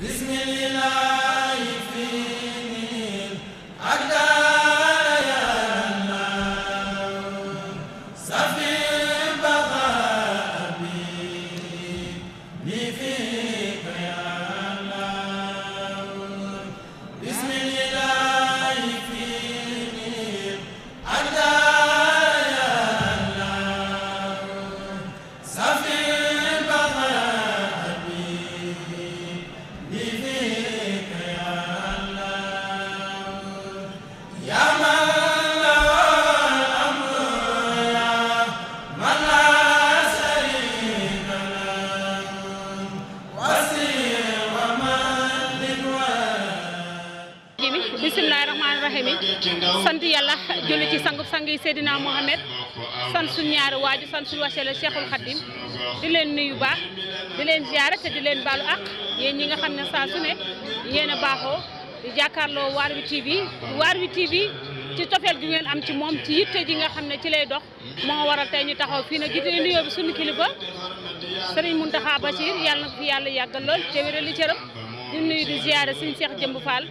bismillah Ibrahima sant yàlla julli ci sangub sang yi Seydina Mohamed sant suñu ñaari waaju sant suñu wasele Cheikhul Khadim di leen nuyu baax di leen ziyaare te di leen baalu ak yéen ñi nga xam ne saa su ne yéen a baaxoo di jàkkaarloo waar wi TV waar wi TV ci tofeel gi ngeen am ci moom ci yitte ji nga xam ne ci lay dox moo waral tey ñu taxaw fii nag jitee nuyoo bi suñu kilifa Serigne Mountakha Bachir yàlla na fi yàlla yàggal lool te wéral li cëram di nuyu di ziare suñu Cheikh Jëmb Fall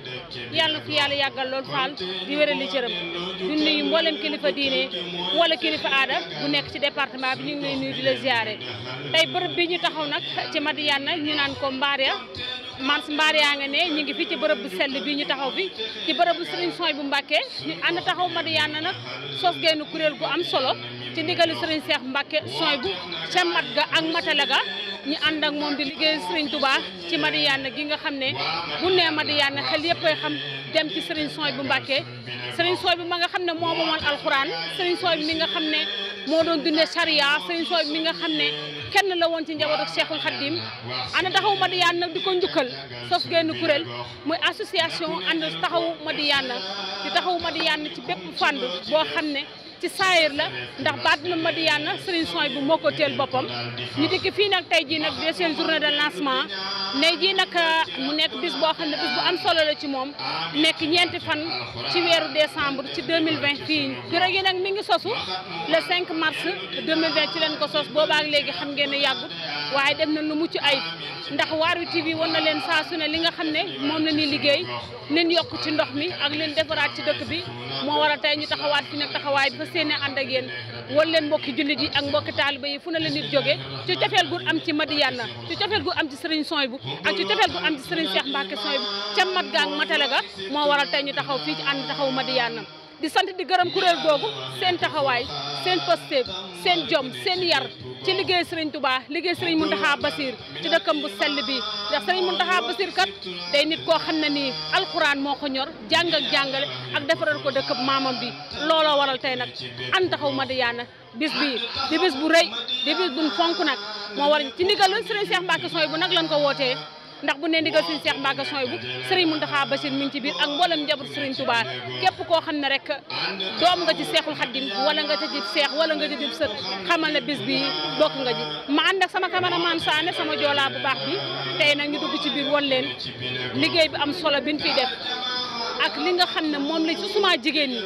yàlla fi yàlla yàggal lool Fall di wérali cëram di nuyu mboolem kilifa diine wala kilifa aada bu nekk ci département bi ñu ngi lay nuyu di la ziare. tey bërëb bi ñu taxaw nag ci Madiyana ñu naan ko Mbaria mars Mbaria nga ne ñu ngi fi ci bërëb bu sell bi ñu taxaw fi ci bërëb bu Serigne Soy bu Mbàkke ñu ànd taxaw Madiyana nag sos genn kuréel gu am solo ci ndigalu Serigne Cheikh Mbàkke Soy bu ca mat ak matala ga ñu ànd ak moom di liggéey Serigne Touba ci Madiyana gi nga xam ne bu nee Madiyana xel yëpp koy xam dem ci Serigne Sooy bu Mbàkke Serigne Sooy bi ma nga xam ne moo moomoon alxuraan Serigne Sooy bi mi nga xam ne moo doon dundee charia Serigne Sooy bi mi nga xam ne kenn la woon ci njabootu Cheikhul Khadim ana taxaw Madiyana di ko njukkal sos genn kuréel muy association ànd taxaw ma di taxaw Madiyana ci bépp fànn boo xam ne ci saayir la ndax baat na Madiyana Serigne Soy bu moo ko teel boppam ñu dikk fii nag tey jii nag de seen journée de lancement ne jii nag euh, mu nekk bis boo xam ne bis bu am solo la ci moom nekk ñeenti fan ci weeru décembre ci 2020 fii kër gi nag mi ngi sosu le 5 mars 2020 ci leen ko sos boobaak léegi xam ngeen ne yàggut waaye def na nu mucc ayib ndax Waarwi TV wan na leen saa su ne li nga xam ne moom la ñuy liggéey leen yokk ci ndox mi ak leen defaraat ci dëkk bi a tey fas yéene ànd ak yéen wal leen mbokki jullit yi ak mbokki taaliba yi fu na leen nit jógee ci cofeel gu am ci Madiyana ci cofeel gu am ci Serigne Souhaïbou ak ci cofeel gu am ci Serigne Cheikh Mbacké Souhaïbou ca mat gaang matale ga moo waral tey taxaw fii ci ànd taxaw Madiyana di sant di gërëm kuréel googu seen taxawaay seen posté seen jom seen yar ci liggéey sëriñ Touba liggéey sëriñ Mountakha Bassir ci dëkkam bu sell bi ndax sëriñ Mountakha Bassir kat day nit koo xam ne nii alxuraan moo ko ñor jàng ak jàngale ak defaral ko dëkkam maamam bi looloo waral tey nag an taxaw Madiyana bis bi di bis bu rëy di bis buñ fonk nag moo war ci ndigal sëriñ Cheikh Mbacke Soy bu nag lañ ko wootee ndax bu ne a sëñ Seex Mbàkke son bu sëriñ Muntaxa Bachir mi ngi ci biir ak mboolem njaboot sëriñ Touba képp koo xam ne rek doom nga ci Seexul Xaddim wala nga ci jib seex wala nga ci jib sët xamal ne bis bi bokk nga ji ma ànd ak sama cameraman Sané sama joolaa bu baax bi tey nag ñu dugg ci biir wan leen liggéey bi am solo bin fiy def ak li nga xam ne moom la ci suma jigéen ñi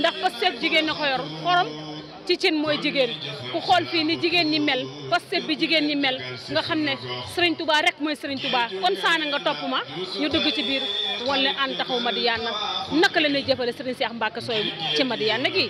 ndax parce que jigéen na ko yor xorom ci cin mooy jigéen ku xool fii ni jigéen ñi mel Pastef bi jigéen ñi mel nga xam ne Serigne Touba rek mooy Serigne Touba kon saana nga topp ma ñu dugg ci biir wala an taxaw Madiyana naka la ñuy jëfale Serigne seex Mbacke Soye ci Madiyana gi